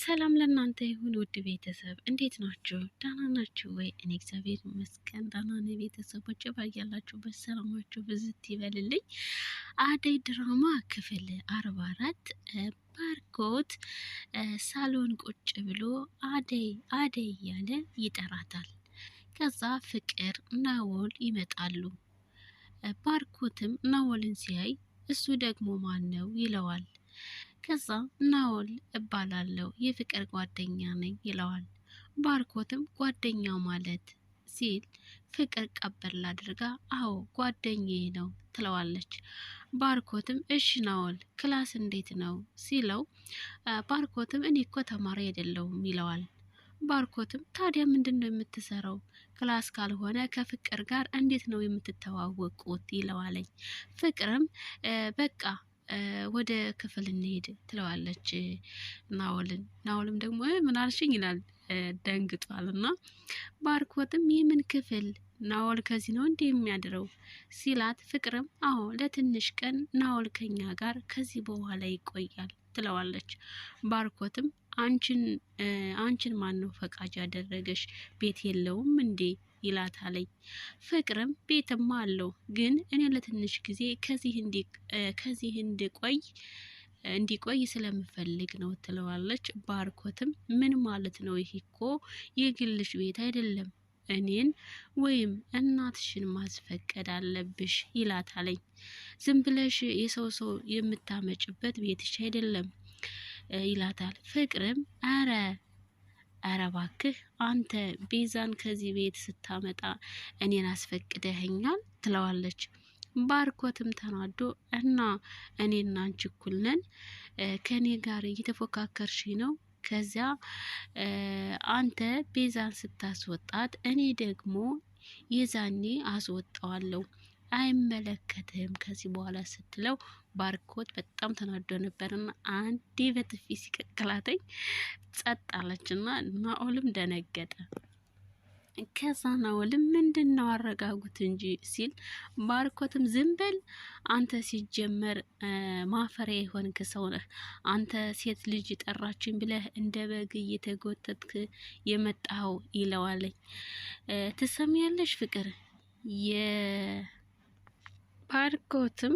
ሰላም ለእናንተ ይሁን ውድ ቤተሰብ፣ እንዴት ናችሁ? ደህና ናችሁ ወይ? እኔ እግዚአብሔር ይመስገን ደህና ነኝ። ቤተሰቦች ባያላችሁበት ሰላማችሁ ብዝት ይበልልኝ። አደይ ድራማ ክፍል አርባ አራት ባርኮት ሳሎን ቁጭ ብሎ አደይ አደይ እያለ ይጠራታል። ከዛ ፍቅር ናወል ይመጣሉ። ባርኮትም ናወልን ሲያይ እሱ ደግሞ ማን ነው ይለዋል። ከዛ ናኦል እባላለሁ የፍቅር ጓደኛ ነኝ ይለዋል። ባርኮትም ጓደኛው ማለት ሲል ፍቅር ቀበል አድርጋ አዎ ጓደኛዬ ነው ትለዋለች። ባርኮትም እሽ ናኦል ክላስ እንዴት ነው ሲለው ባርኮትም እኔ እኮ ተማሪ አይደለውም ይለዋል። ባርኮትም ታዲያ ምንድን ነው የምትሰራው? ክላስ ካልሆነ ከፍቅር ጋር እንዴት ነው የምትተዋወቁት? ይለዋለኝ። ፍቅርም በቃ ወደ ክፍል እንሄድ ትለዋለች ናወልን። ናወልም ደግሞ ምን አልሽኝ ይላል ደንግጧል። እና ባርኮትም የምን ክፍል ናወል ከዚህ ነው እንዴ የሚያድረው ሲላት፣ ፍቅርም አዎ ለትንሽ ቀን ናወል ከኛ ጋር ከዚህ በኋላ ይቆያል ትለዋለች። ባርኮትም አንቺን አንቺን ማን ነው ፈቃጅ ያደረገሽ? ቤት የለውም እንዴ ይላታለኝ። ፍቅርም ቤትም አለው ግን እኔ ለትንሽ ጊዜ ከዚህ እንድቆይ እንዲቆይ ስለምፈልግ ነው ትለዋለች። ባርኮትም ምን ማለት ነው? ይህ እኮ የግልሽ ቤት አይደለም፣ እኔን ወይም እናትሽን ማስፈቀድ አለብሽ ይላታለኝ። ዝም ብለሽ የሰው ሰው የምታመጭበት ቤትሽ አይደለም ይላታል። ፍቅርም አረ አረባክህ እባክህ አንተ ቤዛን ከዚህ ቤት ስታመጣ እኔን አስፈቅደህኛል ትለዋለች። ባርኮትም ተናዶ እና እኔና አንቺ እኩል ነን፣ ከእኔ ጋር እየተፎካከርሽ ነው ከዚያ አንተ ቤዛን ስታስወጣት እኔ ደግሞ የዛኔ አስወጣዋለሁ አይመለከትም ከዚህ በኋላ ስትለው ባርኮት በጣም ተናዶ ነበርና አንዴ በጥፊ ሲቀቅላተኝ ጸጥ አለችና ናኦልም ደነገጠ። ከዛ ናኦልም ምንድን ነው አረጋጉት እንጂ ሲል ባርኮትም ዝም በል አንተ፣ ሲጀመር ማፈሪያ የሆንክ ሰው ነህ አንተ፣ ሴት ልጅ ጠራችን ብለህ እንደ በግ እየተጎተትክ የመጣኸው ይለዋለኝ። ትሰሚያለሽ ፍቅር ባርኮትም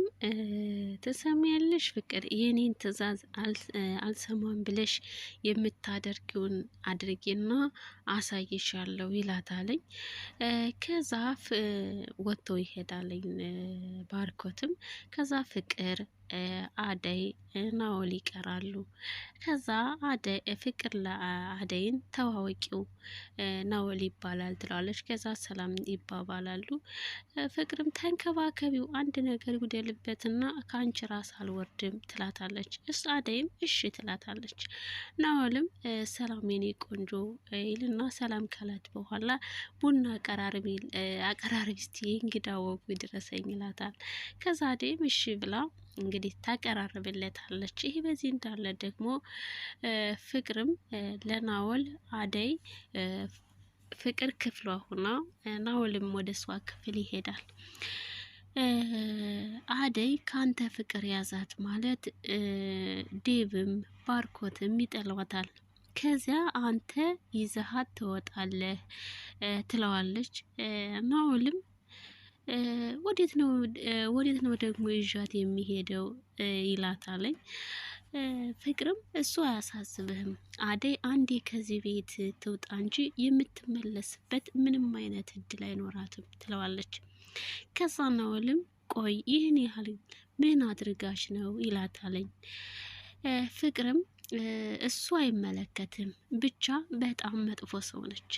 ትሰሚያለሽ ፍቅር የኔን ትዕዛዝ አልሰማም ብለሽ የምታደርጊውን አድርጌና አሳይሻለሁ ይላታለኝ። ከዛፍ ወጥቶ ይሄዳለኝ ባርኮትም። ከዛ ፍቅር አደይ ናኦል ይቀራሉ። ከዛ አደ ፍቅር ለአደይን ተዋወቂው ናኦል ይባላል ትለዋለች። ከዛ ሰላም ይባባላሉ። ፍቅርም ተንከባከቢው፣ አንድ ነገር ይጉደልበትና ከአንቺ ራስ አልወርድም ትላታለች። እስ አደይም እሺ ትላታለች። ናኦልም ሰላም የኔ ቆንጆ ይልና ሰላም ካላት በኋላ ቡና አቀራርቢ አቀራርቢ እስቲ እንግዳ ወጉ ድረሰኝ ይላታል። ከዛ አደይም እሺ ብላ እንግዲህ ታቀራርብለታል። ትላታለች። ይህ በዚህ እንዳለ ደግሞ ፍቅርም ለናወል አደይ ፍቅር ክፍሏ ሆና ናወልም ወደ እሷ ክፍል ይሄዳል። አደይ ካንተ ፍቅር ያዛት ማለት ዴብም ባርኮትም ይጠሏታል። ከዚያ አንተ ይዘሃት ትወጣለህ ትለዋለች ናውልም ወዴት ነው ወዴት ነው ደግሞ ይዣት የሚሄደው ይላታለኝ። ፍቅርም እሱ አያሳስብህም አደይ አንዴ ከዚህ ቤት ትውጣ እንጂ የምትመለስበት ምንም አይነት እድል አይኖራትም ትለዋለች። ከዛ ናወልም ቆይ ይህን ያህል ምን አድርጋሽ ነው ይላታለኝ። ፍቅርም እሱ አይመለከትም ብቻ በጣም መጥፎ ሰው ነች፣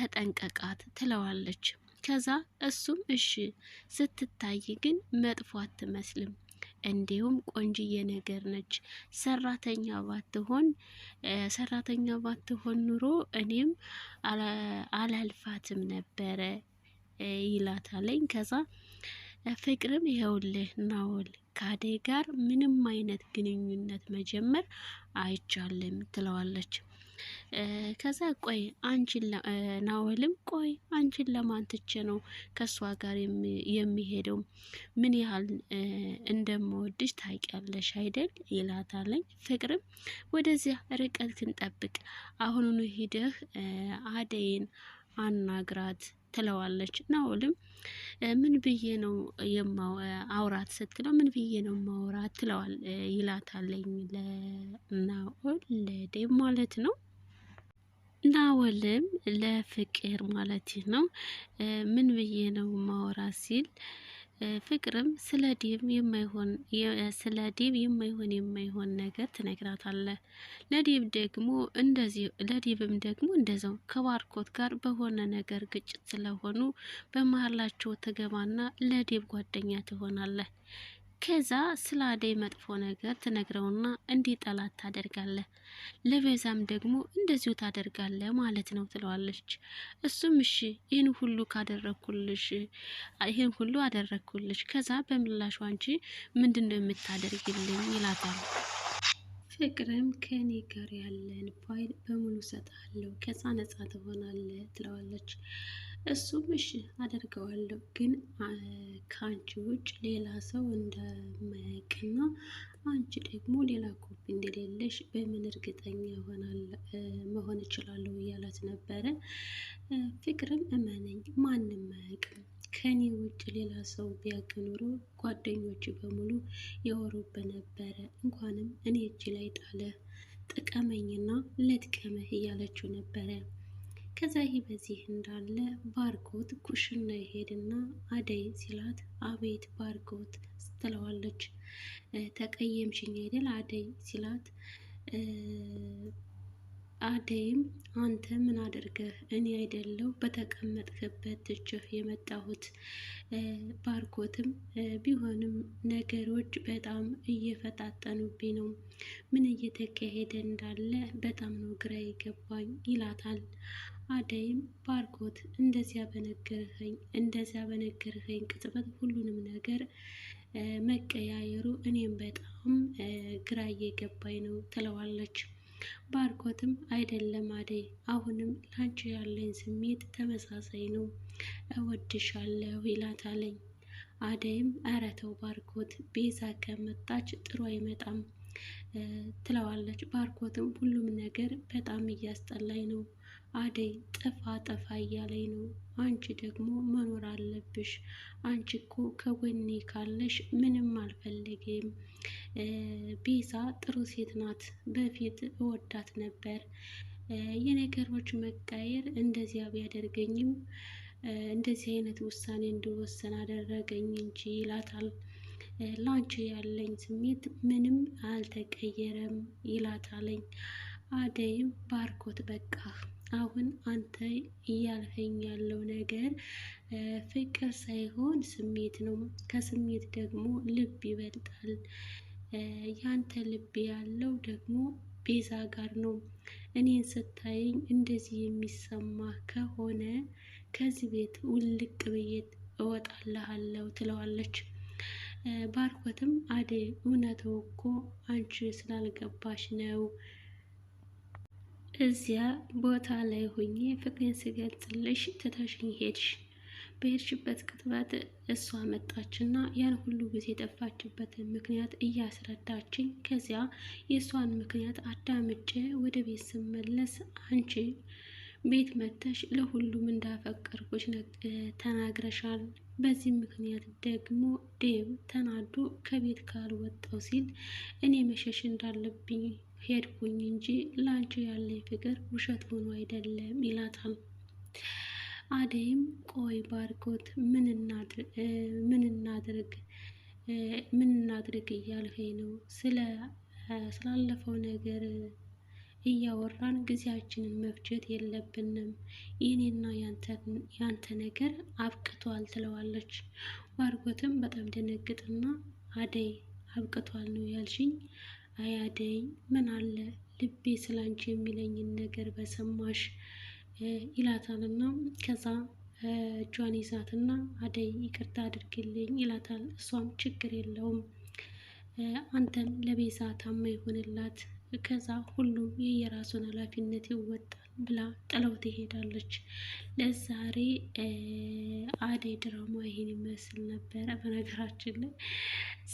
ተጠንቀቃት ትለዋለች። ከዛ እሱም እሺ። ስትታይ ግን መጥፎ አትመስልም፣ እንዲሁም ቆንጅዬ ነገር ነች። ሰራተኛ ባትሆን ሰራተኛ ባትሆን ኑሮ እኔም አላልፋትም ነበረ ይላታለኝ። ከዛ ፍቅርም ይኸውልህ ናውል ከአደይ ጋር ምንም አይነት ግንኙነት መጀመር አይቻልም ትለዋለች። ከዛ ቆይ አንቺን ናወልም ቆይ አንቺን ለማንትቼ ነው ከእሷ ጋር የሚሄደው ምን ያህል እንደምወድሽ ታውቂያለሽ አይደል ይላታለኝ። ፍቅርም ወደዚያ ርቀት ክንጠብቅ አሁኑኑ ሂደህ አደይን አናግራት ትለዋለች። ናወልም ምን ብዬ ነው አውራት ስትለው ምን ብዬ ነው ማውራት ትለዋል ይላታለኝ ለናኦል ለዴብ ማለት ነው። ናኦልም ለፍቅር ማለት ነው ምን ብዬ ነው ማውራት ሲል ፍቅርም ስለ ዴቭ የማይሆን ስለ ዴቭ የማይሆን የማይሆን ነገር ትነግራታለህ። ለዴቭ ደግሞ እንደዚህ ለዴቭም ደግሞ እንደዛው ከባርኮት ጋር በሆነ ነገር ግጭት ስለሆኑ በመሀላቸው ትገባና ለዴቭ ጓደኛ ትሆናለህ። ከዛ ስለ አደይ መጥፎ ነገር ትነግረውና እንዲጠላት ታደርጋለህ፣ ለቤዛም ደግሞ እንደዚሁ ታደርጋለህ ማለት ነው ትለዋለች። እሱም እሺ ይህን ሁሉ ካደረግኩልሽ ይህን ሁሉ አደረግኩልሽ፣ ከዛ በምላሽ አንቺ ምንድን ነው የምታደርግልኝ ይላታል። ፍቅርም ከኔ ጋር ያለን ፋይል በሙሉ ሰጥሃለሁ፣ ከዛ ነጻ ትሆናለህ ትለዋለች። እሱም እሺ አደርገዋለሁ፣ ግን ከአንቺ ውጭ ሌላ ሰው እንደማያውቅና አንቺ ደግሞ ሌላ ኮፒ እንደሌለሽ በምን እርግጠኛ መሆን እችላለሁ እያላት ነበረ። ፍቅርም እመነኝ፣ ማንም አያውቅም ከኔ ውጭ ሌላ ሰው ቢያውቅ ጓደኞች በሙሉ ያወሩበት ነበረ። እንኳንም እኔ እጅ ላይ ጣለ፣ ጥቀመኝና ለጥቀመህ እያለችው ነበረ። ከዛ ይህ በዚህ እንዳለ ባርኮት ኩሽና ይሄድና አደይ ሲላት አቤት ባርኮት ስትለዋለች። ተቀየምሽኝ አይደል አደይ ሲላት አደይም አንተ ምን አድርገህ እኔ አይደለው በተቀመጥክበት ትችህ የመጣሁት። ባርኮትም ቢሆንም ነገሮች በጣም እየፈጣጠኑብኝ ነው፣ ምን እየተካሄደ እንዳለ በጣም ነው ግራ ይገባኝ ይላታል። አደይም ባርኮት እንደዚያ በነገርኸኝ እንደዚያ በነገርኸኝ ቅጽበት ሁሉንም ነገር መቀያየሩ እኔም በጣም ግራ እየገባኝ ነው ትለዋለች። ባርኮትም አይደለም አደይ፣ አሁንም ላንቺ ያለኝ ስሜት ተመሳሳይ ነው፣ እወድሻለሁ ይላታለኝ። አደይም ኧረ ተው ባርኮት፣ ቤዛ ከመጣች ጥሩ አይመጣም ትለዋለች። ባርኮትም ሁሉም ነገር በጣም እያስጠላኝ ነው አደይ ጠፋ ጠፋ እያለኝ ነው። አንቺ ደግሞ መኖር አለብሽ። አንቺ እኮ ከጎኔ ካለሽ ምንም አልፈልግም። ቤዛ ጥሩ ሴት ናት። በፊት እወዳት ነበር። የነገሮች መቃየር እንደዚያ ቢያደርገኝም እንደዚህ አይነት ውሳኔ እንድወሰን አደረገኝ እንጂ ይላታል። ላንቺ ያለኝ ስሜት ምንም አልተቀየረም ይላታለኝ። አደይም ባርኮት በቃ አሁን አንተ እያልፈኝ ያለው ነገር ፍቅር ሳይሆን ስሜት ነው። ከስሜት ደግሞ ልብ ይበልጣል። ያንተ ልብ ያለው ደግሞ ቤዛ ጋር ነው። እኔን ስታየኝ እንደዚህ የሚሰማ ከሆነ ከዚህ ቤት ውልቅ ብዬት እወጣልሃለሁ ትለዋለች። ባርኮትም አደይ እውነት እኮ አንቺ ስላልገባሽ ነው እዚያ ቦታ ላይ ሆኜ ፍቅሬን ስገልጽልሽ ትተሽኝ ሄድሽ። በሄድሽበት ቅጥበት እሷ መጣችና ያን ሁሉ ጊዜ የጠፋችበትን ምክንያት እያስረዳችኝ፣ ከዚያ የእሷን ምክንያት አዳምጬ ወደ ቤት ስመለስ አንቺ ቤት መጥተሽ ለሁሉም እንዳፈቀርኩሽ ተናግረሻል። በዚህ ምክንያት ደግሞ ዴብ ተናዶ ከቤት ካልወጣው ሲል እኔ መሸሽ እንዳለብኝ ሄድኩኝ እንጂ ላንቺ ያለኝ ፍቅር ውሸት ሆኖ አይደለም ይላታል። አደይም ቆይ ባርኮት ምን እናድርግ ምን እናድርግ እያልኸኝ ነው? ስለ ስላለፈው ነገር እያወራን ጊዜያችንን መፍጀት የለብንም። የኔና ያንተ ነገር አብቅቷል ትለዋለች። ባርኮትም በጣም ደነግጥና አደይ አብቅቷል ነው ያልሽኝ? አያደኝ ምን አለ ልቤ ስላንቺ የሚለኝን ነገር በሰማሽ ይላታልና ከዛ እጇን ይዛትና አደይ ይቅርታ አድርግልኝ ይላታል። እሷም ችግር የለውም አንተም ለቤዛ ታማ ይሆንላት፣ ከዛ ሁሉም የየራሱን ኃላፊነት ይወጣል ብላ ጥለው ትሄዳለች። ለዛሬ አደይ ድራማ ይሄን ይመስል ነበረ። በነገራችን ላይ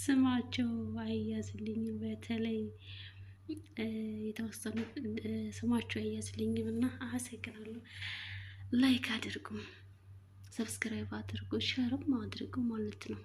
ስማቸው አያዝልኝም፣ በተለይ የተወሰኑ ስማቸው አያዝልኝም እና አመሰግናለሁ። ላይክ አድርጉ፣ ሰብስክራይብ አድርጉ፣ ሸርም አድርጉ ማለት ነው።